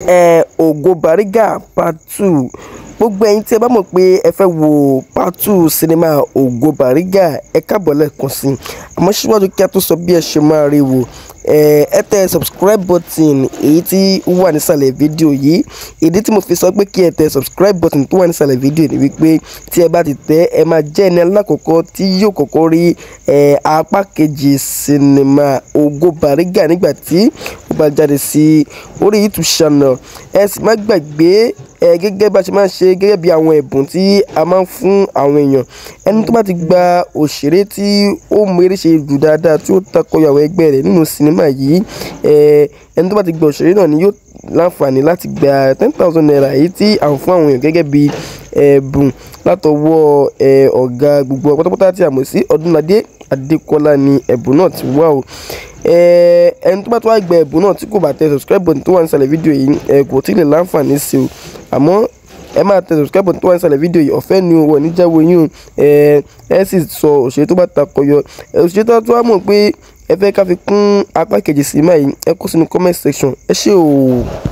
um ògo Barriga Part Two gbogbo ẹ̀yin tí ẹ bá mọ̀ pé ẹ fẹ́ wo Part Two sinimá ògo Barriga ẹ káàbọ̀ lẹ́ẹ̀kan sí i àmọ́ síwájú kí a tó sọ bí ẹ ṣe máa rí wò ẹ tẹ subscribe button èyí tí ó wà nísàlẹ̀ fídíò yìí ìdí tí mo fi sọ pé kí ẹ tẹ subscribe button tó wà nísàlẹ̀ fídíò ni wípé tí ẹ bá ti tẹ ẹ máa jẹ́ ẹni alákọ̀ọ́kọ́ tí yóò kọ́kọ́ rí apá kejì sinimá ògo Barriga nígbà tí bá jáde sí orí YouTube channel ẹ sì má gbàgbé ẹ gẹ́gẹ́ bá ṣe máa ń ṣe gẹ́gẹ́ bí àwọn ẹ̀bùn tí a máa ń fún àwọn èèyàn ẹni tó bá ti gba òṣèré tí ó mú eré ṣe jù dáadáa tí ó takọyọ àwọn ẹgbẹ́ rẹ̀ nínú sinimá yìí ẹni tó bá ti gba òṣèré náà ni yóò láǹfààní láti gba ten thousand naira èyí tí à ń fún àwọn èèyàn gẹ́gẹ́ bí ẹ̀bùn látọwọ́ ọ̀gá gbogbo pátápátá tí a mọ̀ sí Ọdúnladé Adékọ́lá ni ẹ̀bùn náà ti wá o ẹni tó bá tó wá gba ẹ̀bùn náà tí kò bá tẹ subscribe button tó wà nísàlẹ̀ fídíò yìí ẹ kò tí ì lè láǹfààní sí o àmọ́ ẹ máa tẹ subscribe button tó wà nísàlẹ̀ fídíò yìí ọ̀fẹ́ ni wọ̀ níjàwó yín o ẹ sì sọ òṣèré tó bá takọyọ òṣèré tó bá tó wá mọ̀ pé ẹ fẹ́ ká fi kún apá kejì sí máa yìí ẹ kó sínú comment section ẹ ṣé o.